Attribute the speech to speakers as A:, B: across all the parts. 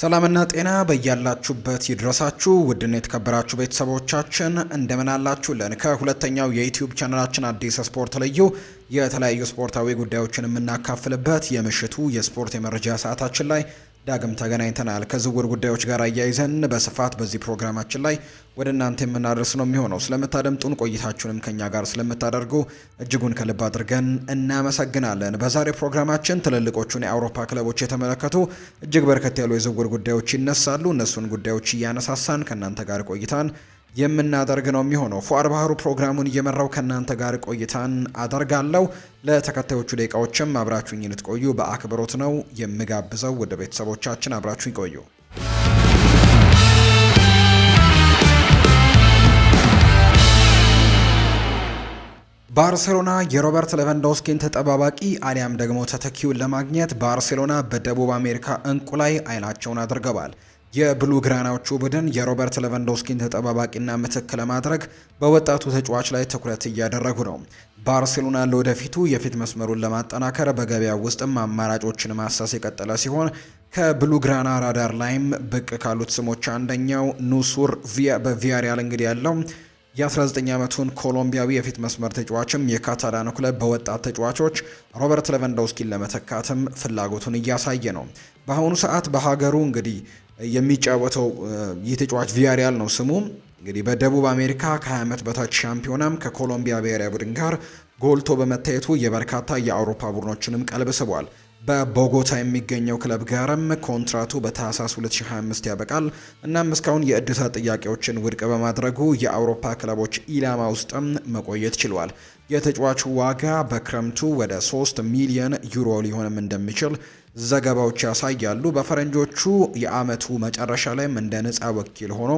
A: ሰላምና ጤና በያላችሁበት ይድረሳችሁ ውድና የተከበራችሁ ቤተሰቦቻችን እንደምን አላችሁልን? ከሁለተኛው የዩትዩብ ቻናላችን አዲስ ስፖርት ልዩ የተለያዩ ስፖርታዊ ጉዳዮችን የምናካፍልበት የምሽቱ የስፖርት የመረጃ ሰዓታችን ላይ ዳግም ተገናኝተናል። ከዝውውር ጉዳዮች ጋር አያይዘን በስፋት በዚህ ፕሮግራማችን ላይ ወደ እናንተ የምናደርስ ነው የሚሆነው። ስለምታደምጡን ቆይታችሁንም ከኛ ጋር ስለምታደርጉ እጅጉን ከልብ አድርገን እናመሰግናለን። በዛሬ ፕሮግራማችን ትልልቆቹን የአውሮፓ ክለቦች የተመለከቱ እጅግ በርከት ያሉ የዝውውር ጉዳዮች ይነሳሉ። እነሱን ጉዳዮች እያነሳሳን ከእናንተ ጋር ቆይታን የምናደርግ ነው የሚሆነው። ፉአድ ባህሩ ፕሮግራሙን እየመራው ከእናንተ ጋር ቆይታን አደርጋለሁ። ለተከታዮቹ ደቂቃዎችም አብራችሁኝ ልትቆዩ በአክብሮት ነው የምጋብዘው። ወደ ቤተሰቦቻችን አብራችሁኝ ቆዩ። ባርሴሎና የሮበርት ሌቫንዶውስኪን ተጠባባቂ አሊያም ደግሞ ተተኪውን ለማግኘት ባርሴሎና በደቡብ አሜሪካ እንቁ ላይ አይናቸውን አድርገዋል። የብሉ ግራናዎቹ ቡድን የሮበርት ሌቫንዶስኪን ተጠባባቂና ምትክ ለማድረግ በወጣቱ ተጫዋች ላይ ትኩረት እያደረጉ ነው። ባርሴሎና ለወደፊቱ የፊት መስመሩን ለማጠናከር በገበያ ውስጥም አማራጮችን ማሳስ የቀጠለ ሲሆን ከብሉ ግራና ራዳር ላይም ብቅ ካሉት ስሞች አንደኛው ኑሱር በቪያሪያል እንግዲህ ያለው የ19 ዓመቱን ኮሎምቢያዊ የፊት መስመር ተጫዋችም የካታላኑ ክለብ በወጣት ተጫዋቾች ሮበርት ሌቫንዶስኪን ለመተካትም ፍላጎቱን እያሳየ ነው። በአሁኑ ሰዓት በሀገሩ እንግዲህ የሚጫወተው ይህ ተጫዋች ቪያሪያል ነው ስሙ። እንግዲህ በደቡብ አሜሪካ ከ20 ዓመት በታች ሻምፒዮናም ከኮሎምቢያ ብሔራዊ ቡድን ጋር ጎልቶ በመታየቱ የበርካታ የአውሮፓ ቡድኖችንም ቀልብ ስቧል። በቦጎታ የሚገኘው ክለብ ጋርም ኮንትራቱ በታህሳስ 2025 ያበቃል። እናም እስካሁን የእድሳት ጥያቄዎችን ውድቅ በማድረጉ የአውሮፓ ክለቦች ኢላማ ውስጥም መቆየት ችሏል። የተጫዋቹ ዋጋ በክረምቱ ወደ 3 ሚሊዮን ዩሮ ሊሆንም እንደሚችል ዘገባዎች ያሳያሉ። በፈረንጆቹ የአመቱ መጨረሻ ላይም እንደ ነፃ ወኪል ሆኖ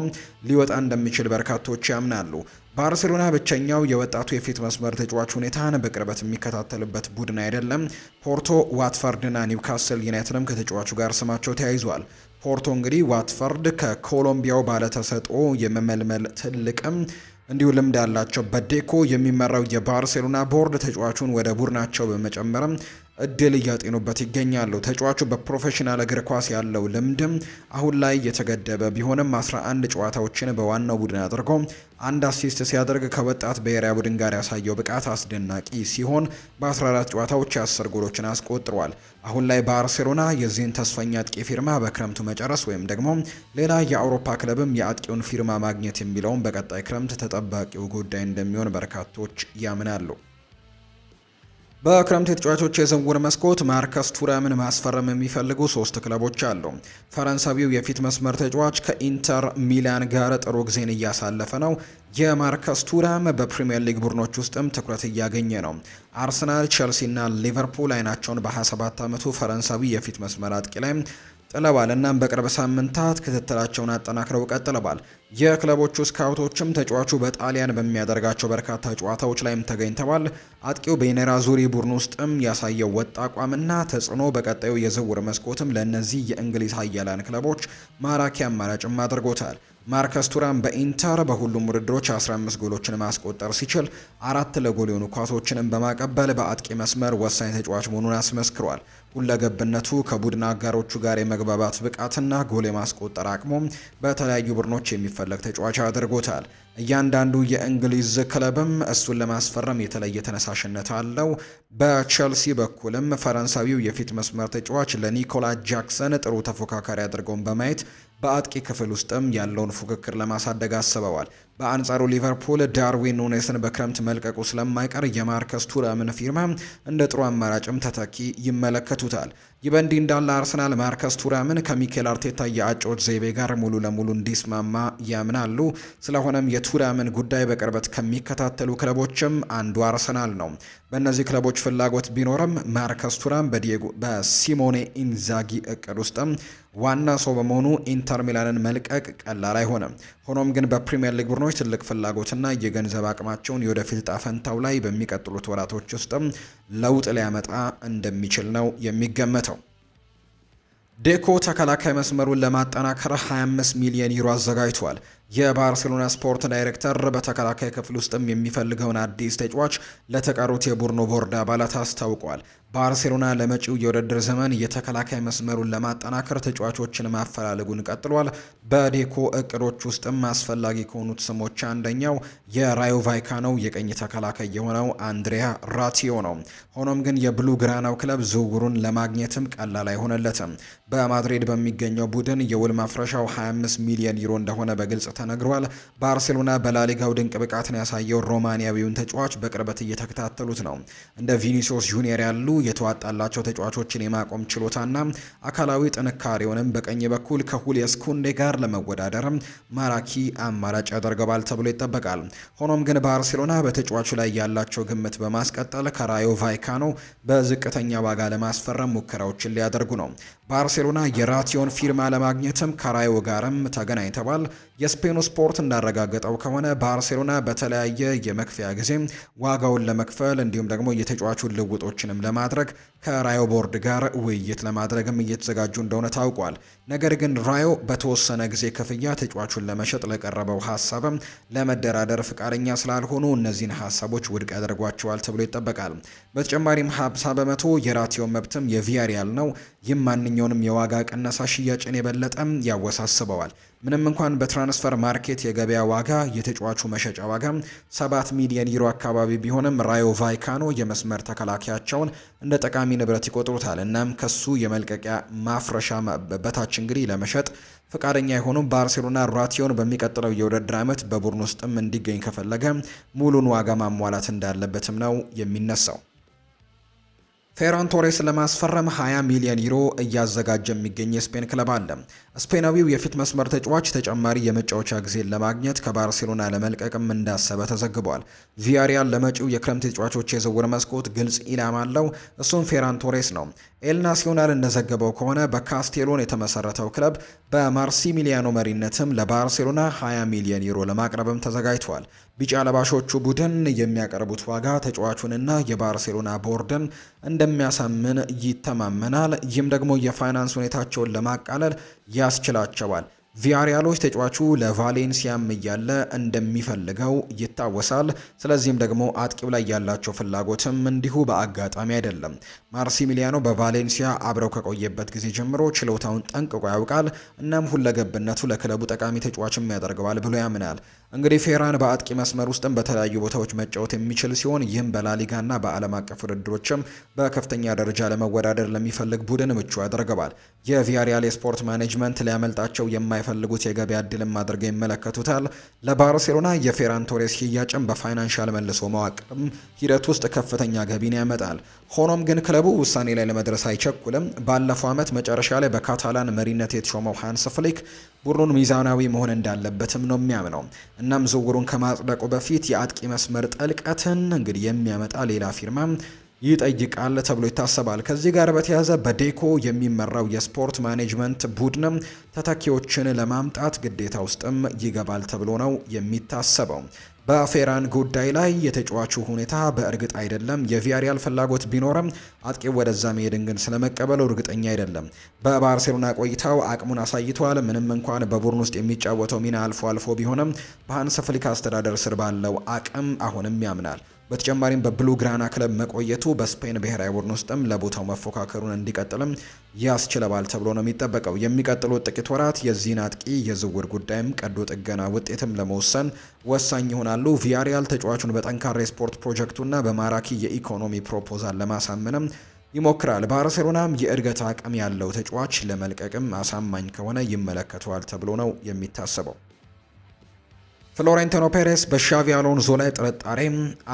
A: ሊወጣ እንደሚችል በርካቶች ያምናሉ። ባርሴሎና ብቸኛው የወጣቱ የፊት መስመር ተጫዋች ሁኔታን በቅርበት የሚከታተልበት ቡድን አይደለም። ፖርቶ፣ ዋትፈርድና ኒውካስል ዩናይትድም ከተጫዋቹ ጋር ስማቸው ተያይዟል። ፖርቶ እንግዲህ ዋትፈርድ ከኮሎምቢያው ባለተሰጥኦ የመመልመል ትልቅም እንዲሁ ልምድ አላቸው። በዴኮ የሚመራው የባርሴሎና ቦርድ ተጫዋቹን ወደ ቡድናቸው በመጨመርም እድል እያጤኑበት ይገኛሉ። ተጫዋቹ በፕሮፌሽናል እግር ኳስ ያለው ልምድም አሁን ላይ የተገደበ ቢሆንም 11 ጨዋታዎችን በዋናው ቡድን አድርጎ አንድ አሲስት ሲያደርግ ከወጣት ብሔራዊ ቡድን ጋር ያሳየው ብቃት አስደናቂ ሲሆን በ14 ጨዋታዎች 10 ጎሎችን አስቆጥሯል። አሁን ላይ ባርሴሎና የዚህን ተስፈኛ አጥቂ ፊርማ በክረምቱ መጨረስ ወይም ደግሞ ሌላ የአውሮፓ ክለብም የአጥቂውን ፊርማ ማግኘት የሚለውን በቀጣይ ክረምት ተጠባቂው ጉዳይ እንደሚሆን በርካቶች ያምናሉ። በክረምት የተጫዋቾች የዝውውር መስኮት ማርከስ ቱራምን ማስፈረም የሚፈልጉ ሶስት ክለቦች አሉ። ፈረንሳዊው የፊት መስመር ተጫዋች ከኢንተር ሚላን ጋር ጥሩ ጊዜን እያሳለፈ ነው። የማርከስ ቱራም በፕሪምየር ሊግ ቡድኖች ውስጥም ትኩረት እያገኘ ነው። አርሰናል፣ ቸልሲና ሊቨርፑል አይናቸውን በ27 ዓመቱ ፈረንሳዊ የፊት መስመር አጥቂ ላይ ጥለዋል። እናም በቅርብ ሳምንታት ክትትላቸውን አጠናክረው ቀጥለዋል። የክለቦቹ ስካውቶችም ተጫዋቹ በጣሊያን በሚያደርጋቸው በርካታ ጨዋታዎች ላይም ተገኝተዋል። አጥቂው በኔራዙሪ ቡድን ውስጥም ያሳየው ወጥ አቋምና ተጽዕኖ በቀጣዩ የዝውውር መስኮትም ለእነዚህ የእንግሊዝ ኃያላን ክለቦች ማራኪ አማራጭም አድርጎታል። ማርከስ ቱራም በኢንተር በሁሉም ውድድሮች 15 ጎሎችን ማስቆጠር ሲችል አራት ለጎል የሆኑ ኳሶችንም በማቀበል በአጥቂ መስመር ወሳኝ ተጫዋች መሆኑን አስመስክሯል። ሁለገብነቱ፣ ከቡድን አጋሮቹ ጋር የመግባባት ብቃትና ጎል የማስቆጠር አቅሙም በተለያዩ ቡድኖች የሚፈለግ ተጫዋች አድርጎታል። እያንዳንዱ የእንግሊዝ ክለብም እሱን ለማስፈረም የተለየ ተነሳሽነት አለው። በቼልሲ በኩልም ፈረንሳዊው የፊት መስመር ተጫዋች ለኒኮላ ጃክሰን ጥሩ ተፎካካሪ አድርገውን በማየት በአጥቂ ክፍል ውስጥም ያለውን ፉክክር ለማሳደግ አስበዋል። በአንጻሩ ሊቨርፑል ዳርዊን ኑኔስን በክረምት መልቀቁ ስለማይቀር የማርከስ ቱራምን ፊርማ እንደ ጥሩ አማራጭም ተተኪ ይመለከቱታል። ይህ በእንዲህ እንዳለ አርሰናል ማርከስ ቱራምን ከሚኬል አርቴታ የአጮች ዘይቤ ጋር ሙሉ ለሙሉ እንዲስማማ ያምናሉ። ስለሆነም የቱራምን ጉዳይ በቅርበት ከሚከታተሉ ክለቦችም አንዱ አርሰናል ነው። በእነዚህ ክለቦች ፍላጎት ቢኖርም ማርከስ ቱራም በሲሞኔ ኢንዛጊ እቅድ ውስጥም ዋና ሰው በመሆኑ ኢንተር ሚላንን መልቀቅ ቀላል አይሆንም። ሆኖም ግን በፕሪምየር ሊግ ቡድኖች ትልቅ ፍላጎትና የገንዘብ አቅማቸውን የወደፊት ዕጣ ፈንታው ላይ በሚቀጥሉት ወራቶች ውስጥም ለውጥ ሊያመጣ እንደሚችል ነው የሚገመተው። ዴኮ ተከላካይ መስመሩን ለማጠናከር 25 ሚሊዮን ዩሮ አዘጋጅቷል። የባርሴሎና ስፖርት ዳይሬክተር በተከላካይ ክፍል ውስጥም የሚፈልገውን አዲስ ተጫዋች ለተቀሩት የቡድኑ ቦርድ አባላት አስታውቋል። ባርሴሎና ለመጪው የውድድር ዘመን የተከላካይ መስመሩን ለማጠናከር ተጫዋቾችን ማፈላለጉን ቀጥሏል። በዴኮ እቅዶች ውስጥም አስፈላጊ ከሆኑት ስሞች አንደኛው የራዮ ቫይካኖ የቀኝ ተከላካይ የሆነው አንድሪያ ራቲዮ ነው። ሆኖም ግን የብሉ ግራናው ክለብ ዝውውሩን ለማግኘትም ቀላል አይሆነለትም። በማድሪድ በሚገኘው ቡድን የውል ማፍረሻው 25 ሚሊዮን ዩሮ እንደሆነ በግልጽ ተነግሯል። ባርሴሎና በላሊጋው ድንቅ ብቃትን ያሳየው ሮማንያዊውን ተጫዋች በቅርበት እየተከታተሉት ነው። እንደ ቪኒሲዮስ ጁኒየር ያሉ የተዋጣላቸው ተጫዋቾችን የማቆም ችሎታና አካላዊ ጥንካሬውንም በቀኝ በኩል ከሁሊየስ ኩንዴ ጋር ለመወዳደር ማራኪ አማራጭ ያደርገዋል ተብሎ ይጠበቃል። ሆኖም ግን ባርሴሎና በተጫዋቹ ላይ ያላቸው ግምት በማስቀጠል ከራዮ ቫይካኖ በዝቅተኛ ዋጋ ለማስፈረም ሙከራዎችን ሊያደርጉ ነው። ባርሴሎና የራቲዮን ፊርማ ለማግኘትም ከራዮ ጋርም ተገናኝተዋል። የስፔኑ ስፖርት እንዳረጋገጠው ከሆነ ባርሴሎና በተለያየ የመክፈያ ጊዜ ዋጋውን ለመክፈል እንዲሁም ደግሞ የተጫዋቹን ልውጦችንም ለማድረግ ከራዮ ቦርድ ጋር ውይይት ለማድረግም እየተዘጋጁ እንደሆነ ታውቋል። ነገር ግን ራዮ በተወሰነ ጊዜ ክፍያ ተጫዋቹን ለመሸጥ ለቀረበው ሀሳብም ለመደራደር ፍቃደኛ ስላልሆኑ እነዚህን ሀሳቦች ውድቅ ያደርጓቸዋል ተብሎ ይጠበቃል። በተጨማሪም ሀምሳ በመቶ የራቲዮ መብትም የቪያሪያል ነው። ይህም ማንኛውንም የዋጋ ቅነሳ ሽያጭን የበለጠም ያወሳስበዋል። ምንም እንኳን በትራንስፈር ማርኬት የገበያ ዋጋ የተጫዋቹ መሸጫ ዋጋ 7 ሚሊዮን ዩሮ አካባቢ ቢሆንም ራዮ ቫይካኖ የመስመር ተከላካያቸውን እንደ ጠቃሚ ንብረት ይቆጥሩታል። እናም ከሱ የመልቀቂያ ማፍረሻ በታች እንግዲህ ለመሸጥ ፈቃደኛ የሆኑ ባርሴሎና ራቲዮን በሚቀጥለው የውድድር ዓመት በቡድን ውስጥም እንዲገኝ ከፈለገ ሙሉን ዋጋ ማሟላት እንዳለበትም ነው የሚነሳው። ፌራን ቶሬስ ለማስፈረም 20 ሚሊዮን ዩሮ እያዘጋጀ የሚገኝ የስፔን ክለብ አለ። ስፔናዊው የፊት መስመር ተጫዋች ተጨማሪ የመጫወቻ ጊዜን ለማግኘት ከባርሴሎና ለመልቀቅም እንዳሰበ ተዘግቧል። ቪያሪያል ለመጪው የክረምት ተጫዋቾች የዝውውር መስኮት ግልጽ ኢላማ አለው። እሱም ፌራን ቶሬስ ነው። ኤልናሲዮናል እንደዘገበው ከሆነ በካስቴሎን የተመሰረተው ክለብ በማርሲሚሊያኖ መሪነትም ለባርሴሎና 20 ሚሊዮን ዩሮ ለማቅረብም ተዘጋጅቷል። ቢጫ ለባሾቹ ቡድን የሚያቀርቡት ዋጋ ተጫዋቹንና የባርሴሎና ቦርድን እንደሚያሳምን ይተማመናል። ይህም ደግሞ የፋይናንስ ሁኔታቸውን ለማቃለል ያስችላቸዋል። ቪያሪያሎች ተጫዋቹ ለቫሌንሲያም እያለ እንደሚፈልገው ይታወሳል። ስለዚህም ደግሞ አጥቂው ላይ ያላቸው ፍላጎትም እንዲሁ በአጋጣሚ አይደለም። ማርሲሚሊያኖ በቫሌንሲያ አብረው ከቆየበት ጊዜ ጀምሮ ችሎታውን ጠንቅቆ ያውቃል። እናም ሁለገብነቱ ለክለቡ ጠቃሚ ተጫዋችም ያደርገዋል ብሎ ያምናል። እንግዲህ ፌራን በአጥቂ መስመር ውስጥም በተለያዩ ቦታዎች መጫወት የሚችል ሲሆን ይህም በላሊጋና በዓለም አቀፍ ውድድሮችም በከፍተኛ ደረጃ ለመወዳደር ለሚፈልግ ቡድን ምቹ ያደርገዋል። የቪያሪያል የስፖርት ማኔጅመንት ሊያመልጣቸው የማይፈልጉት የገበያ እድልም አድርገው ይመለከቱታል። ለባርሴሎና የፌራን ቶሬስ ሽያጭም በፋይናንሻል መልሶ መዋቅርም ሂደት ውስጥ ከፍተኛ ገቢን ያመጣል። ሆኖም ግን ክለቡ ውሳኔ ላይ ለመድረስ አይቸኩልም። ባለፈው ዓመት መጨረሻ ላይ በካታላን መሪነት የተሾመው ሃንስ ፍሊክ ቡድኑን ሚዛናዊ መሆን እንዳለበትም ነው የሚያምነው። እናም ዝውውሩን ከማጽደቁ በፊት የአጥቂ መስመር ጥልቀትን እንግዲህ የሚያመጣ ሌላ ፊርማ ይጠይቃል ተብሎ ይታሰባል። ከዚህ ጋር በተያያዘ በዴኮ የሚመራው የስፖርት ማኔጅመንት ቡድንም ተተኪዎችን ለማምጣት ግዴታ ውስጥም ይገባል ተብሎ ነው የሚታሰበው። በፌራን ጉዳይ ላይ የተጫዋቹ ሁኔታ በእርግጥ አይደለም። የቪያሪያል ፍላጎት ቢኖርም አጥቂው ወደዛ መሄድን ግን ስለመቀበሉ እርግጠኛ አይደለም። በባርሴሎና ቆይታው አቅሙን አሳይቷል። ምንም እንኳን በቡድን ውስጥ የሚጫወተው ሚና አልፎ አልፎ ቢሆንም በሀንስ ፍሊክ አስተዳደር ስር ባለው አቅም አሁንም ያምናል። በተጨማሪም በብሉ ግራና ክለብ መቆየቱ በስፔን ብሔራዊ ቡድን ውስጥም ለቦታው መፎካከሩን እንዲቀጥልም ያስችለባል ተብሎ ነው የሚጠበቀው። የሚቀጥሉት ጥቂት ወራት የዚህን አጥቂ የዝውውር ጉዳይም ቀዶ ጥገና ውጤትም ለመወሰን ወሳኝ ይሆናሉ። ቪያሪያል ተጫዋቹን በጠንካራ የስፖርት ፕሮጀክቱና በማራኪ የኢኮኖሚ ፕሮፖዛል ለማሳመንም ይሞክራል። ባርሴሎናም የእድገት አቅም ያለው ተጫዋች ለመልቀቅም አሳማኝ ከሆነ ይመለከተዋል ተብሎ ነው የሚታሰበው። ፍሎሬንቲኖ ፔሬስ በሻቪ አሎንዞ ላይ ጥርጣሬ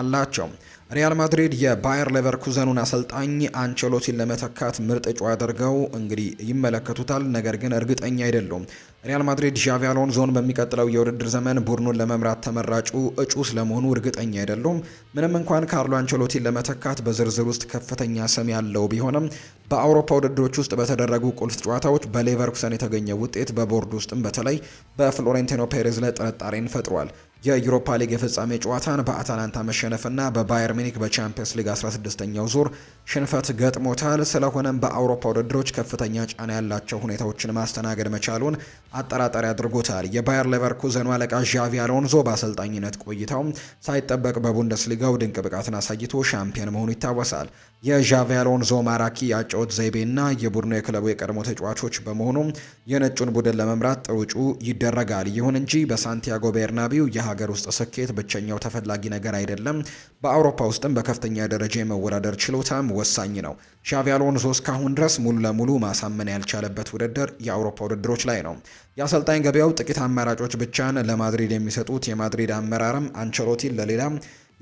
A: አላቸው። ሪያል ማድሪድ የባየር ሌቨርኩዘኑን አሰልጣኝ አንቸሎቲን ለመተካት ምርጥ እጩ አድርገው እንግዲህ ይመለከቱታል። ነገር ግን እርግጠኛ አይደሉም። ሪያል ማድሪድ ዣቪ አሎንሶን በሚቀጥለው የውድድር ዘመን ቡድኑን ለመምራት ተመራጩ እጩ ስለመሆኑ እርግጠኛ አይደሉም። ምንም እንኳን ካርሎ አንቸሎቲን ለመተካት በዝርዝር ውስጥ ከፍተኛ ስም ያለው ቢሆንም በአውሮፓ ውድድሮች ውስጥ በተደረጉ ቁልፍ ጨዋታዎች በሌቨርኩሰን የተገኘ ውጤት በቦርድ ውስጥም በተለይ በፍሎሬንቲኖ ፔሬዝ ላይ ጥርጣሬን ፈጥሯል። የዩሮፓ ሊግ የፍጻሜ ጨዋታን በአታላንታ መሸነፍና በባየር ሚኒክ በቻምፒየንስ ሊግ 16ኛው ዙር ሽንፈት ገጥሞታል። ስለሆነም በአውሮፓ ውድድሮች ከፍተኛ ጫና ያላቸው ሁኔታዎችን ማስተናገድ መቻሉን አጠራጣሪ አድርጎታል። የባየር ሌቨርኩዘኑ አለቃ ዣቪ አሎንዞ በአሰልጣኝነት ቆይታው ሳይጠበቅ በቡንደስሊጋው ድንቅ ብቃትን አሳይቶ ሻምፒየን መሆኑ ይታወሳል። የዣቪ አሎንሶ ማራኪ የአጨዋወት ዘይቤና የቡድኑ የክለቡ የቀድሞ ተጫዋቾች በመሆኑም የነጩን ቡድን ለመምራት ጥሩ ይደረጋል። ይሁን እንጂ በሳንቲያጎ ቤርናቢው የሀገር ውስጥ ስኬት ብቸኛው ተፈላጊ ነገር አይደለም። በአውሮፓ ውስጥም በከፍተኛ ደረጃ የመወዳደር ችሎታም ወሳኝ ነው። ዣቪ አሎንሶ እስካሁን ድረስ ሙሉ ለሙሉ ማሳመን ያልቻለበት ውድድር የአውሮፓ ውድድሮች ላይ ነው። የአሰልጣኝ ገበያው ጥቂት አማራጮች ብቻን ለማድሪድ የሚሰጡት የማድሪድ አመራርም አንቸሎቲን ለሌላ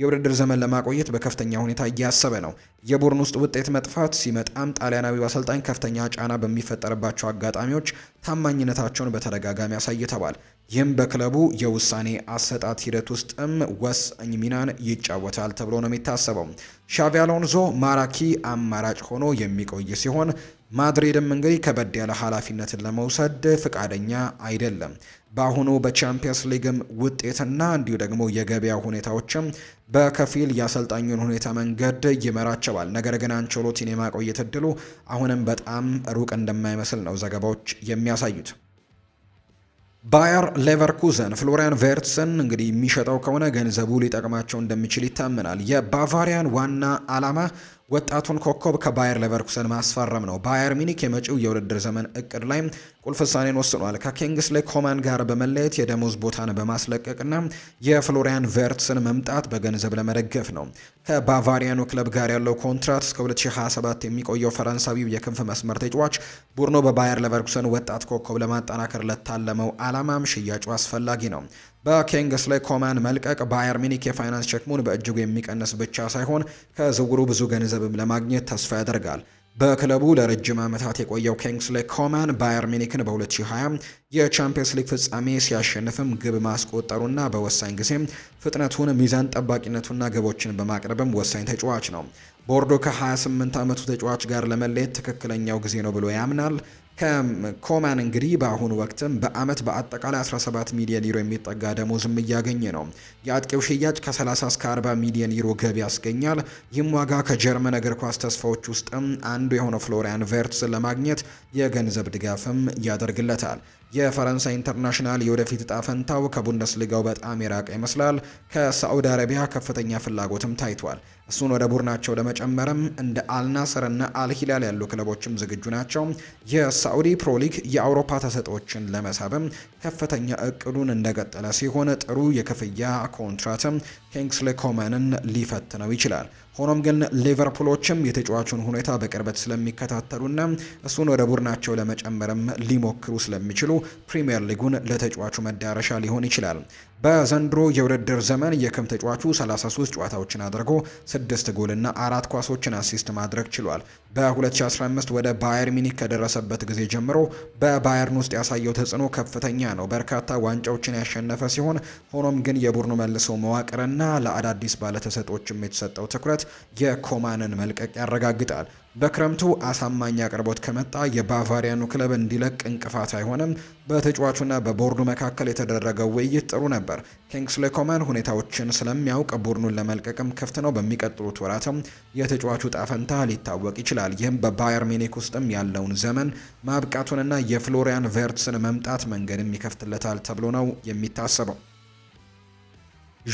A: የውድድር ዘመን ለማቆየት በከፍተኛ ሁኔታ እያሰበ ነው። የቡድን ውስጥ ውጤት መጥፋት ሲመጣም ጣሊያናዊው አሰልጣኝ ከፍተኛ ጫና በሚፈጠርባቸው አጋጣሚዎች ታማኝነታቸውን በተደጋጋሚ አሳይተዋል። ይህም በክለቡ የውሳኔ አሰጣት ሂደት ውስጥም ወሳኝ ሚናን ይጫወታል ተብሎ ነው የሚታሰበው። ሻቪ አሎንዞ ማራኪ አማራጭ ሆኖ የሚቆይ ሲሆን ማድሪድም እንግዲህ ከበድ ያለ ኃላፊነትን ለመውሰድ ፍቃደኛ አይደለም። በአሁኑ በቻምፒየንስ ሊግም ውጤትና እንዲሁ ደግሞ የገበያ ሁኔታዎችም በከፊል የአሰልጣኙን ሁኔታ መንገድ ይመራቸዋል። ነገር ግን አንቸሎቲን የማቆየት እድሉ አሁንም በጣም ሩቅ እንደማይመስል ነው ዘገባዎች የሚያሳዩት። ባየር ሌቨርኩዘን ፍሎሪያን ቬርትስን እንግዲህ የሚሸጠው ከሆነ ገንዘቡ ሊጠቅማቸው እንደሚችል ይታመናል። የባቫሪያን ዋና ዓላማ ወጣቱን ኮከብ ከባየር ሌቨርኩሰን ማስፈረም ነው። ባየር ሚኒክ የመጪው የውድድር ዘመን እቅድ ላይ ቁልፍ ውሳኔን ወስኗል። ከኪንግስሌ ኮማን ጋር በመለየት የደሞዝ ቦታን በማስለቀቅና የፍሎሪያን ቨርትስን መምጣት በገንዘብ ለመደገፍ ነው። ከባቫሪያኑ ክለብ ጋር ያለው ኮንትራት እስከ 2027 የሚቆየው ፈረንሳዊው የክንፍ መስመር ተጫዋች ቡድኑ በባየር ሌቨርኩሰን ወጣት ኮከብ ለማጠናከር ለታለመው ዓላማም ሽያጩ አስፈላጊ ነው። በኬንግስ ላይ ኮማን መልቀቅ ባየር ሚኒክ የፋይናንስ ሸክሙን በእጅጉ የሚቀንስ ብቻ ሳይሆን ከዝውውሩ ብዙ ገንዘብም ለማግኘት ተስፋ ያደርጋል። በክለቡ ለረጅም ዓመታት የቆየው ኪንግስሌ ኮማን ባየር ሚኒክን በ2020 የቻምፒየንስ ሊግ ፍጻሜ ሲያሸንፍም ግብ ማስቆጠሩና በወሳኝ ጊዜም ፍጥነቱን፣ ሚዛን ጠባቂነቱና ግቦችን በማቅረብም ወሳኝ ተጫዋች ነው። ቦርዶ ከ28 ዓመቱ ተጫዋች ጋር ለመለየት ትክክለኛው ጊዜ ነው ብሎ ያምናል። ከኮማን እንግዲህ በአሁኑ ወቅትም በአመት በአጠቃላይ 17 ሚሊዮን ዩሮ የሚጠጋ ደሞዝም እያገኘ ነው። የአጥቂው ሽያጭ ከ30 እስከ 40 ሚሊዮን ዩሮ ገቢ ያስገኛል። ይህም ዋጋ ከጀርመን እግር ኳስ ተስፋዎች ውስጥም አንዱ የሆነው ፍሎሪያን ቬርትስ ለማግኘት የገንዘብ ድጋፍም ያደርግለታል። የፈረንሳይ ኢንተርናሽናል የወደፊት እጣ ፈንታው ከቡንደስሊጋው በጣም የራቀ ይመስላል። ከሳዑዲ አረቢያ ከፍተኛ ፍላጎትም ታይቷል። እሱን ወደ ቡድናቸው ለመጨመርም እንደ አልናስርና አልሂላል ያሉ ክለቦችም ዝግጁ ናቸው። የሳዑዲ ፕሮሊግ የአውሮፓ ተሰጦችን ለመሳብም ከፍተኛ እቅዱን እንደቀጠለ ሲሆን ጥሩ የክፍያ ኮንትራትም ኪንግስሌ ኮመንን ሊፈትነው ይችላል። ሆኖም ግን ሊቨርፑሎችም የተጫዋቹን ሁኔታ በቅርበት ስለሚከታተሉና እሱን ወደ ቡድናቸው ለመጨመርም ሊሞክሩ ስለሚችሉ ፕሪምየር ሊጉን ለተጫዋቹ መዳረሻ ሊሆን ይችላል። በዘንድሮ የውድድር ዘመን የክም ተጫዋቹ 33 ጨዋታዎችን አድርጎ 6 ጎልና አራት ኳሶችን አሲስት ማድረግ ችሏል። በ2015 ወደ ባየር ሚኒክ ከደረሰበት ጊዜ ጀምሮ በባየርን ውስጥ ያሳየው ተጽዕኖ ከፍተኛ ነው። በርካታ ዋንጫዎችን ያሸነፈ ሲሆን ሆኖም ግን የቡድኑ መልሶ መዋቅርና ለአዳዲስ ባለተሰጦችም የተሰጠው ትኩረት የኮማንን መልቀቅ ያረጋግጣል። በክረምቱ አሳማኝ አቅርቦት ከመጣ የባቫሪያኑ ክለብ እንዲለቅ እንቅፋት አይሆንም። በተጫዋቹና በቦርዱ መካከል የተደረገው ውይይት ጥሩ ነበር። ኪንግስሌ ኮማን ሁኔታዎችን ስለሚያውቅ ቡድኑን ለመልቀቅም ክፍት ነው። በሚቀጥሉት ወራትም የተጫዋቹ ጣፈንታ ሊታወቅ ይችላል። ይህም በባየር ሚኒክ ውስጥም ያለውን ዘመን ማብቃቱንና የፍሎሪያን ቨርትስን መምጣት መንገድም ይከፍትለታል ተብሎ ነው የሚታሰበው።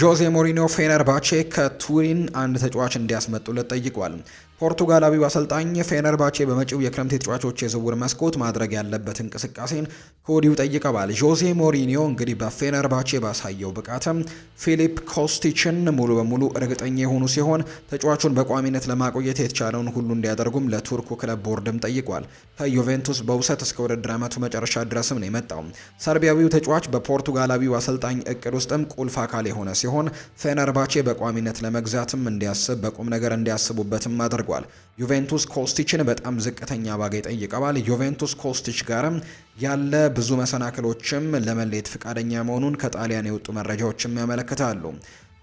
A: ጆዜ ሞሪኒዮ ፌነርባቼ ከቱሪን አንድ ተጫዋች እንዲያስመጡለት ጠይቋል። ፖርቱጋላዊው አሰልጣኝ ፌነርባቼ በመጪው የክረምት የተጫዋቾች የዝውውር መስኮት ማድረግ ያለበት እንቅስቃሴን ከወዲሁ ጠይቀዋል። ዦዜ ሞሪኒዮ እንግዲህ በፌነርባቼ ባሳየው ብቃትም ፊሊፕ ኮስቲችን ሙሉ በሙሉ እርግጠኛ የሆኑ ሲሆን ተጫዋቹን በቋሚነት ለማቆየት የተቻለውን ሁሉ እንዲያደርጉም ለቱርኩ ክለብ ቦርድም ጠይቋል። ከዩቬንቱስ በውሰት እስከ ውድድር ዓመቱ መጨረሻ ድረስም ነው የመጣው። ሰርቢያዊው ተጫዋች በፖርቱጋላዊው አሰልጣኝ እቅድ ውስጥም ቁልፍ አካል የሆነ ሲሆን ፌነርባቼ በቋሚነት ለመግዛትም እንዲያስብ በቁም ነገር እንዲያስቡበትም አድርጓል። አድርጓል። ዩቬንቱስ ኮስቲችን በጣም ዝቅተኛ ዋጋ ይጠይቀዋል። ዩቬንቱስ ኮስቲች ጋርም ያለ ብዙ መሰናክሎችም ለመለየት ፈቃደኛ መሆኑን ከጣሊያን የወጡ መረጃዎችም ያመለክታሉ።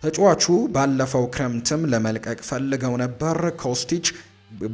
A: ተጫዋቹ ባለፈው ክረምትም ለመልቀቅ ፈልገው ነበር። ኮስቲች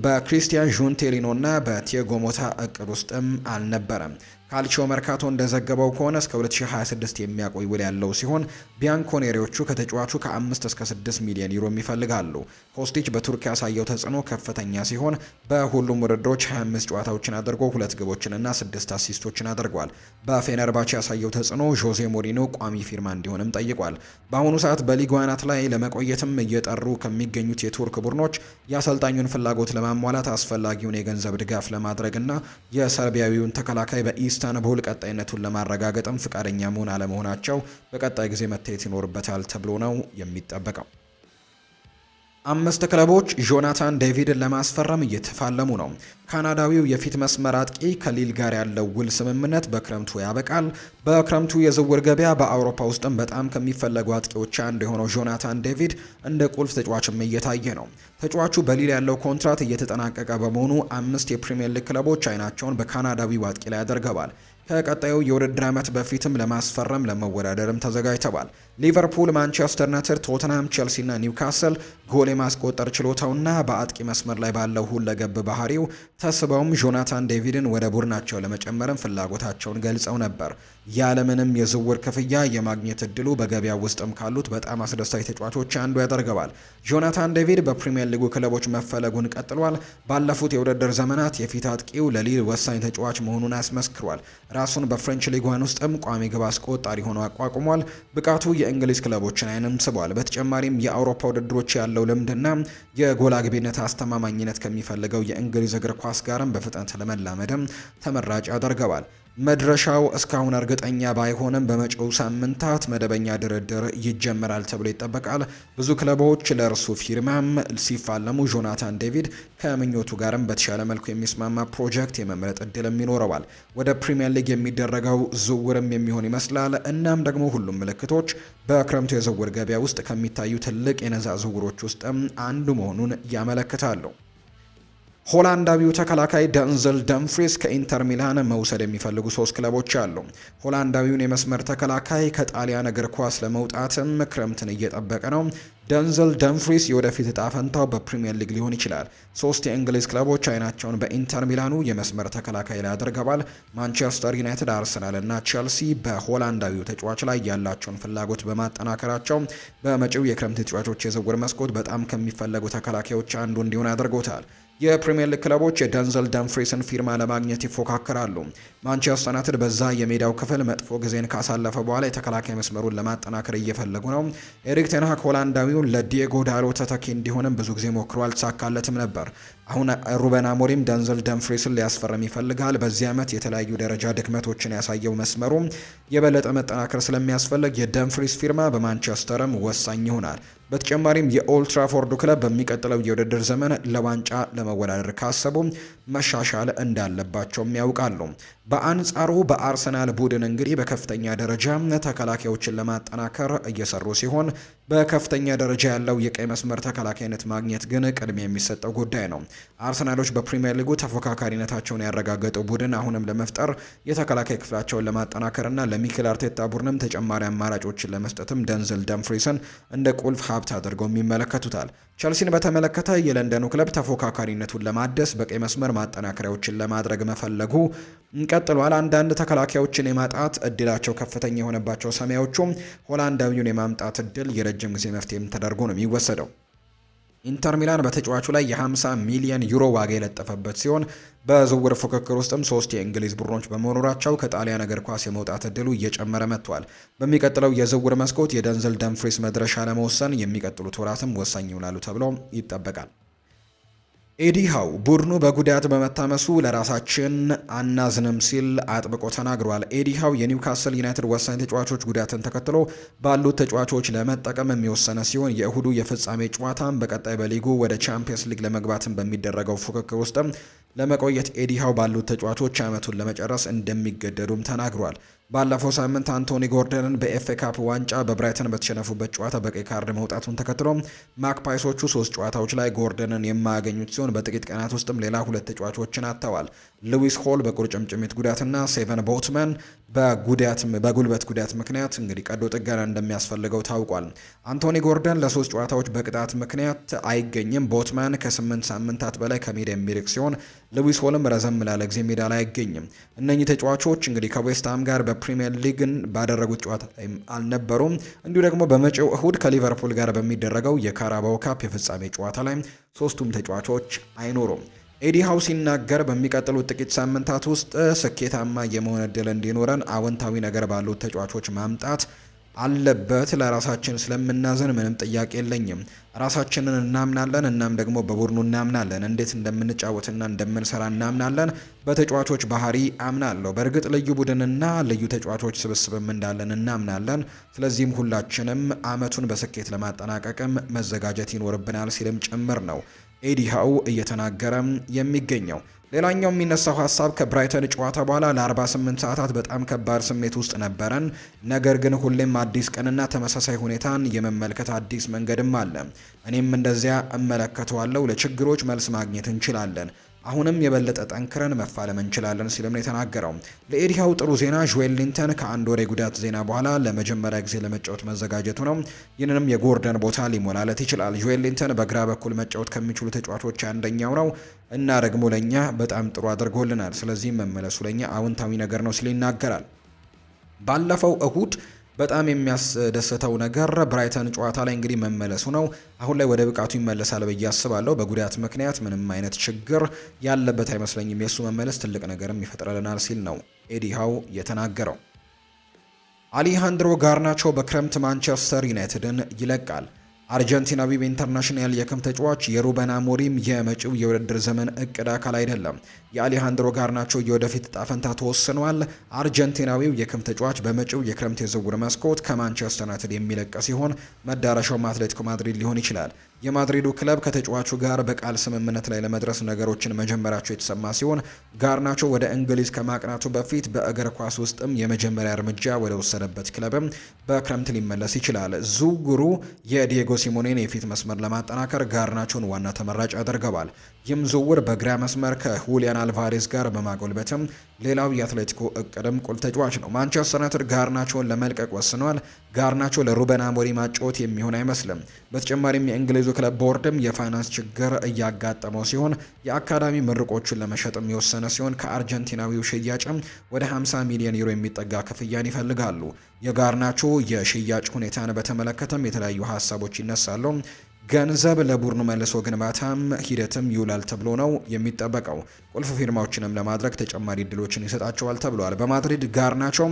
A: በክሪስቲያን ዡንቴሊኖ እና በቲያጎ ሞታ እቅድ ውስጥም አልነበረም። ካልቺዮ መርካቶ እንደዘገበው ከሆነ እስከ 2026 የሚያቆይ ውል ያለው ሲሆን ቢያንኮኔሪዎቹ ከተጫዋቹ ከ5 እስከ 6 ሚሊዮን ዩሮ ይፈልጋሉ። ኮስቲች በቱርክ ያሳየው ተጽዕኖ ከፍተኛ ሲሆን በሁሉም ውድድሮች 25 ጨዋታዎችን አድርጎ ሁለት ግቦችንና ስድስት አሲስቶችን አድርጓል። በፌነርባች ያሳየው ተጽዕኖ ዦዜ ሞሪኖ ቋሚ ፊርማ እንዲሆንም ጠይቋል። በአሁኑ ሰዓት በሊጓናት ላይ ለመቆየትም እየጠሩ ከሚገኙት የቱርክ ቡድኖች የአሰልጣኙን ፍላጎት ለማሟላት አስፈላጊውን የገንዘብ ድጋፍ ለማድረግና የሰርቢያዊውን ተከላካይ በኢስ ኢስታንቡል ቀጣይነቱን ለማረጋገጥም ፍቃደኛ መሆን አለመሆናቸው በቀጣይ ጊዜ መታየት ይኖርበታል ተብሎ ነው የሚጠበቀው። አምስት ክለቦች ጆናታን ዴቪድን ለማስፈረም እየተፋለሙ ነው። ካናዳዊው የፊት መስመር አጥቂ ከሊል ጋር ያለው ውል ስምምነት በክረምቱ ያበቃል። በክረምቱ የዝውውር ገበያ በአውሮፓ ውስጥም በጣም ከሚፈለጉ አጥቂዎች አንዱ የሆነው ጆናታን ዴቪድ እንደ ቁልፍ ተጫዋችም እየታየ ነው። ተጫዋቹ በሊል ያለው ኮንትራት እየተጠናቀቀ በመሆኑ አምስት የፕሪምየር ሊግ ክለቦች አይናቸውን በካናዳዊው አጥቂ ላይ ያደርገዋል። ከቀጣዩ የውድድር ዓመት በፊትም ለማስፈረም ለመወዳደርም ተዘጋጅተዋል። ሊቨርፑል፣ ማንቸስተር ዩናይትድ፣ ቶተንሃም ቶትንሃም፣ ቼልሲና ኒውካስል ጎል የማስቆጠር ችሎታውና በአጥቂ መስመር ላይ ባለው ሁለገብ ባህሪው ተስበውም ጆናታን ዴቪድን ወደ ቡድናቸው ለመጨመርም ፍላጎታቸውን ገልጸው ነበር። ያለምንም የዝውውር ክፍያ የማግኘት እድሉ በገበያው ውስጥም ካሉት በጣም አስደሳች ተጫዋቾች አንዱ ያደርገዋል። ጆናታን ዴቪድ በፕሪምየር ሊጉ ክለቦች መፈለጉን ቀጥሏል። ባለፉት የውድድር ዘመናት የፊት አጥቂው ለሊል ወሳኝ ተጫዋች መሆኑን አስመስክሯል። ራሱን በፍሬንች ሊጓን ውስጥም ቋሚ ግብ አስቆጣሪ ሆኖ አቋቁሟል። ብቃቱ የእንግሊዝ ክለቦችን አይንም ስቧል። በተጨማሪም የአውሮፓ ውድድሮች ያለው ልምድና የጎል አግቢነት አስተማማኝነት ከሚፈልገው የእንግሊዝ እግር ኳስ ጋርም በፍጥነት ለመላመድም ተመራጭ ያደርገዋል። መድረሻው እስካሁን እርግጠኛ ባይሆንም በመጪው ሳምንታት መደበኛ ድርድር ይጀመራል ተብሎ ይጠበቃል። ብዙ ክለቦች ለእርሱ ፊርማም ሲፋለሙ፣ ጆናታን ዴቪድ ከምኞቱ ጋርም በተሻለ መልኩ የሚስማማ ፕሮጀክት የመምረጥ እድልም ይኖረዋል። ወደ ፕሪምየር ሊግ የሚደረገው ዝውውርም የሚሆን ይመስላል። እናም ደግሞ ሁሉም ምልክቶች በክረምቱ የዝውውር ገበያ ውስጥ ከሚታዩ ትልቅ የነዛ ዝውውሮች ውስጥም አንዱ መሆኑን ያመለክታሉ። ሆላንዳዊው ተከላካይ ደንዘል ደምፍሪስ ከኢንተር ሚላን መውሰድ የሚፈልጉ ሶስት ክለቦች አሉ። ሆላንዳዊውን የመስመር ተከላካይ ከጣሊያን እግር ኳስ ለመውጣትም ክረምትን እየጠበቀ ነው። ደንዘል ደምፍሪስ የወደፊት እጣ ፈንታው በፕሪምየር ሊግ ሊሆን ይችላል። ሶስት የእንግሊዝ ክለቦች አይናቸውን በኢንተር ሚላኑ የመስመር ተከላካይ ላይ አድርገዋል። ማንቸስተር ዩናይትድ፣ አርሰናል እና ቼልሲ በሆላንዳዊው ተጫዋች ላይ ያላቸውን ፍላጎት በማጠናከራቸው በመጪው የክረምት ተጫዋቾች የዝውውር መስኮት በጣም ከሚፈለጉ ተከላካዮች አንዱ እንዲሆን አድርጎታል። የፕሪምየር ሊግ ክለቦች የደንዘል ደንፍሪስን ፊርማ ለማግኘት ይፎካከራሉ። ማንቸስተር ዩናይትድ በዛ የሜዳው ክፍል መጥፎ ጊዜን ካሳለፈ በኋላ የተከላካይ መስመሩን ለማጠናከር እየፈለጉ ነው። ኤሪክ ቴንሃክ ሆላንዳዊውን ለዲየጎ ዳሎ ተተኪ እንዲሆንም ብዙ ጊዜ ሞክሮ አልተሳካለትም ነበር። አሁን ሩበን አሞሪም ደንዘል ደምፍሪስን ሊያስፈርም ይፈልጋል። በዚህ ዓመት የተለያዩ ደረጃ ድክመቶችን ያሳየው መስመሩ የበለጠ መጠናከር ስለሚያስፈልግ የደንፍሪስ ፊርማ በማንቸስተርም ወሳኝ ይሆናል። በተጨማሪም የኦልትራፎርዱ ክለብ በሚቀጥለው የውድድር ዘመን ለዋንጫ ለመወዳደር ካሰቡ መሻሻል እንዳለባቸውም ያውቃሉ። በአንጻሩ በአርሰናል ቡድን እንግዲህ በከፍተኛ ደረጃ ተከላካዮችን ለማጠናከር እየሰሩ ሲሆን በከፍተኛ ደረጃ ያለው የቀይ መስመር ተከላካይነት ማግኘት ግን ቅድሚያ የሚሰጠው ጉዳይ ነው። አርሰናሎች በፕሪምየር ሊጉ ተፎካካሪነታቸውን ያረጋገጡ ቡድን አሁንም ለመፍጠር የተከላካይ ክፍላቸውን ለማጠናከርና ለሚኬል አርቴታ ቡድንም ተጨማሪ አማራጮችን ለመስጠትም ደንዝል ደምፍሪስን እንደ ቁልፍ ሀብት አድርገው ይመለከቱታል። ቸልሲን በተመለከተ የለንደኑ ክለብ ተፎካካሪነቱን ለማደስ በቀይ መስመር ማጠናከሪያዎችን ለማድረግ መፈለጉ ቀጥሏል። አንዳንድ ተከላካዮችን የማጣት እድላቸው ከፍተኛ የሆነባቸው ሰማያዎቹም ሆላንዳዊውን የማምጣት እድል የረጅም ጊዜ መፍትሄም ተደርጎ ነው የሚወሰደው። ኢንተር ሚላን በተጫዋቹ ላይ የ50 ሚሊዮን ዩሮ ዋጋ የለጠፈበት ሲሆን በዝውውር ፉክክር ውስጥም ሶስት የእንግሊዝ ቡድኖች በመኖራቸው ከጣሊያን እግር ኳስ የመውጣት እድሉ እየጨመረ መጥቷል። በሚቀጥለው የዝውውር መስኮት የደንዘል ደምፍሪስ መድረሻ ለመወሰን የሚቀጥሉት ወራትም ወሳኝ ይውላሉ ተብሎ ይጠበቃል። ኤዲሃው ቡድኑ በጉዳት በመታመሱ ለራሳችን አናዝንም ሲል አጥብቆ ተናግሯል። ኤዲሃው የኒውካስል ዩናይትድ ወሳኝ ተጫዋቾች ጉዳትን ተከትሎ ባሉት ተጫዋቾች ለመጠቀም የሚወሰነ ሲሆን የእሁዱ የፍጻሜ ጨዋታም በቀጣይ በሊጉ ወደ ቻምፒየንስ ሊግ ለመግባትን በሚደረገው ፉክክር ውስጥም ለመቆየት ኤዲሃው ባሉት ተጫዋቾች ዓመቱን ለመጨረስ እንደሚገደዱም ተናግሯል። ባለፈው ሳምንት አንቶኒ ጎርደንን በኤፍኤ ካፕ ዋንጫ በብራይተን በተሸነፉበት ጨዋታ በቀይ ካርድ መውጣቱን ተከትሎ ማክፓይሶቹ ሶስት ጨዋታዎች ላይ ጎርደንን የማያገኙት ሲሆን በጥቂት ቀናት ውስጥም ሌላ ሁለት ተጫዋቾችን አጥተዋል። ሉዊስ ሆል በቁርጭምጭሚት ጉዳትና ሴቨን ቦትመን በጉዳት በጉልበት ጉዳት ምክንያት እንግዲህ ቀዶ ጥገና እንደሚያስፈልገው ታውቋል። አንቶኒ ጎርደን ለሶስት ጨዋታዎች በቅጣት ምክንያት አይገኝም። ቦትማን ከስምንት ሳምንታት በላይ ከሜዳ የሚርቅ ሲሆን ሉዊስ ሆልም ረዘም ላለ ጊዜ ሜዳ ላይ አይገኝም። እነኚህ ተጫዋቾች እንግዲህ ከዌስትሃም ጋር በፕሪሚየር ሊግን ባደረጉት ጨዋታ ላይ አልነበሩም። እንዲሁ ደግሞ በመጪው እሁድ ከሊቨርፑል ጋር በሚደረገው የካራባው ካፕ የፍጻሜ ጨዋታ ላይ ሶስቱም ተጫዋቾች አይኖሩም። ኤዲ ሀው ሲናገር በሚቀጥሉት ጥቂት ሳምንታት ውስጥ ስኬታማ የመሆን እድል እንዲኖረን አዎንታዊ ነገር ባሉት ተጫዋቾች ማምጣት አለበት። ለራሳችን ስለምናዝን ምንም ጥያቄ የለኝም። ራሳችንን እናምናለን፣ እናም ደግሞ በቡድኑ እናምናለን። እንዴት እንደምንጫወትና እንደምንሰራ እናምናለን። በተጫዋቾች ባህሪ አምናለሁ። በእርግጥ ልዩ ቡድንና ልዩ ተጫዋቾች ስብስብም እንዳለን እናምናለን። ስለዚህም ሁላችንም አመቱን በስኬት ለማጠናቀቅም መዘጋጀት ይኖርብናል ሲልም ጭምር ነው ሃው እየተናገረ የሚገኘው። ሌላኛው የሚነሳው ሀሳብ ከብራይተን ጨዋታ በኋላ ለ48 ሰዓታት በጣም ከባድ ስሜት ውስጥ ነበረን፣ ነገር ግን ሁሌም አዲስ ቀንና ተመሳሳይ ሁኔታን የመመልከት አዲስ መንገድም አለ። እኔም እንደዚያ እመለከተዋለሁ። ለችግሮች መልስ ማግኘት እንችላለን። አሁንም የበለጠ ጠንክረን መፋለም እንችላለን ሲልም ነው የተናገረው። ለኤዲሃው ጥሩ ዜና ጆኤል ሊንተን ከአንድ ወር የጉዳት ዜና በኋላ ለመጀመሪያ ጊዜ ለመጫወት መዘጋጀቱ ነው። ይህንንም የጎርደን ቦታ ሊሞላለት ይችላል። ጆኤል ሊንተን በግራ በኩል መጫወት ከሚችሉ ተጫዋቾች አንደኛው ነው እና ደግሞ ለእኛ በጣም ጥሩ አድርጎልናል። ስለዚህ መመለሱ ለእኛ አዎንታዊ ነገር ነው ሲል ይናገራል። ባለፈው እሁድ በጣም የሚያስደስተው ነገር ብራይተን ጨዋታ ላይ እንግዲህ መመለሱ ነው። አሁን ላይ ወደ ብቃቱ ይመለሳል ብዬ አስባለሁ። በጉዳት ምክንያት ምንም አይነት ችግር ያለበት አይመስለኝም። የእሱ መመለስ ትልቅ ነገርም ይፈጥረልናል ሲል ነው ኤዲሃው የተናገረው። አሊሃንድሮ ጋርናቾ በክረምት ማንቸስተር ዩናይትድን ይለቃል። አርጀንቲናዊ ኢንተርናሽናል የክም ተጫዋች የሩበን አሞሪም የመጪው የውድድር ዘመን እቅድ አካል አይደለም። የአሊሃንድሮ ጋርናቾ የወደፊት ጣፈንታ ተወስኗል። አርጀንቲናዊው የክም ተጫዋች በመጪው የክረምት የዝውውር መስኮት ከማንቸስተር ዩናይትድ የሚለቀ ሲሆን መዳረሻውም አትሌቲኮ ማድሪድ ሊሆን ይችላል። የማድሪዱ ክለብ ከተጫዋቹ ጋር በቃል ስምምነት ላይ ለመድረስ ነገሮችን መጀመራቸው የተሰማ ሲሆን ጋርናቾ ወደ እንግሊዝ ከማቅናቱ በፊት በእግር ኳስ ውስጥም የመጀመሪያ እርምጃ ወደ ወሰደበት ክለብም በክረምት ሊመለስ ይችላል። ዝውውሩ የዲየጎ ሲሞኔን የፊት መስመር ለማጠናከር ጋርናቾን ዋና ተመራጭ ያደርገዋል። ይህም ዝውውር በግራ መስመር ከሁሊያን አልቫሬዝ ጋር በማጎልበትም ሌላው የአትሌቲኮ እቅድም ቁልፍ ተጫዋች ነው። ማንቸስተር ዩናይትድ ጋርናቾን ለመልቀቅ ወስኗል። ጋርናቾ ለሩበን አሞሪ ማጫወት የሚሆን አይመስልም። በተጨማሪም የእንግሊዙ ክለብ ቦርድም የፋይናንስ ችግር እያጋጠመው ሲሆን የአካዳሚ ምርቆቹን ለመሸጥም የወሰነ ሲሆን ከአርጀንቲናዊው ሽያጭም ወደ 50 ሚሊዮን ዩሮ የሚጠጋ ክፍያን ይፈልጋሉ። የጋርናቾ የሽያጭ ሁኔታን በተመለከተም የተለያዩ ሀሳቦች ይነሳሉ። ገንዘብ ለቡድኑ መልሶ ግንባታም ሂደትም ይውላል ተብሎ ነው የሚጠበቀው። ቁልፍ ፊርማዎችንም ለማድረግ ተጨማሪ እድሎችን ይሰጣቸዋል ተብሏል። በማድሪድ ናቸው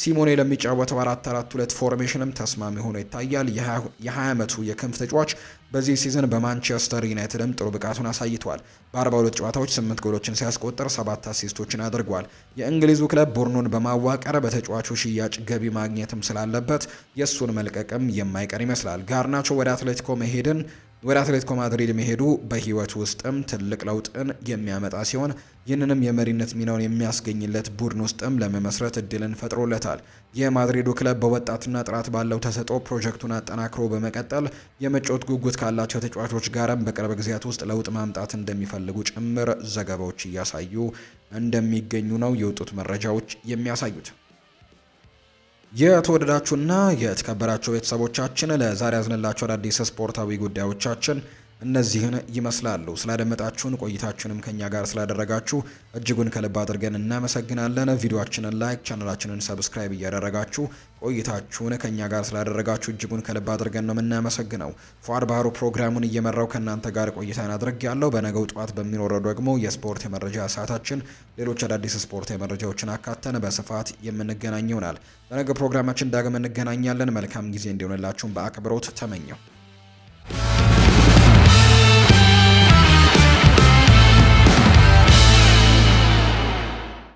A: ሲሞኔ ለሚጫወተው አራት አራት ሁለት ፎርሜሽንም ተስማሚ ሆኖ ይታያል። የ20 ዓመቱ የክንፍ ተጫዋች በዚህ ሲዝን በማንቸስተር ዩናይትድም ጥሩ ብቃቱን አሳይቷል። በ42 ጨዋታዎች 8 ጎሎችን ሲያስቆጥር 7 አሲስቶችን አድርጓል። የእንግሊዙ ክለብ ቡድኑን በማዋቀር በተጫዋቹ ሽያጭ ገቢ ማግኘትም ስላለበት የእሱን መልቀቅም የማይቀር ይመስላል። ጋርናቾ ወደ አትሌቲኮ መሄድን ወደ አትሌቲኮ ማድሪድ መሄዱ በህይወት ውስጥም ትልቅ ለውጥን የሚያመጣ ሲሆን ይህንንም የመሪነት ሚናውን የሚያስገኝለት ቡድን ውስጥም ለመመስረት እድልን ፈጥሮለታል። የማድሪዱ ክለብ በወጣትና ጥራት ባለው ተሰጥኦ ፕሮጀክቱን አጠናክሮ በመቀጠል የመጫወት ጉጉት ካላቸው ተጫዋቾች ጋርም በቅርብ ጊዜያት ውስጥ ለውጥ ማምጣት እንደሚፈልጉ ጭምር ዘገባዎች እያሳዩ እንደሚገኙ ነው የወጡት መረጃዎች የሚያሳዩት። የተወደዳችሁና የተከበራችሁ ቤተሰቦቻችን ለዛሬ ያዝንላችሁ አዳዲስ ስፖርታዊ ጉዳዮቻችን እነዚህን ይመስላሉ። ስላደመጣችሁን ቆይታችሁንም ከኛ ጋር ስላደረጋችሁ እጅጉን ከልብ አድርገን እናመሰግናለን። ቪዲዮችንን ላይክ፣ ቻናላችንን ሰብስክራይብ እያደረጋችሁ ቆይታችሁን ከኛ ጋር ስላደረጋችሁ እጅጉን ከልብ አድርገን ነው የምናመሰግነው። ፏድ ባህሩ ፕሮግራሙን እየመራው ከእናንተ ጋር ቆይታን አድርግ ያለው። በነገው ጠዋት በሚኖረው ደግሞ የስፖርት የመረጃ ሰዓታችን ሌሎች አዳዲስ ስፖርት የመረጃዎችን አካተን በስፋት የምንገናኝ ይሆናል። በነገ ፕሮግራማችን ዳግም እንገናኛለን። መልካም ጊዜ እንዲሆንላችሁን በአክብሮት ተመኘው።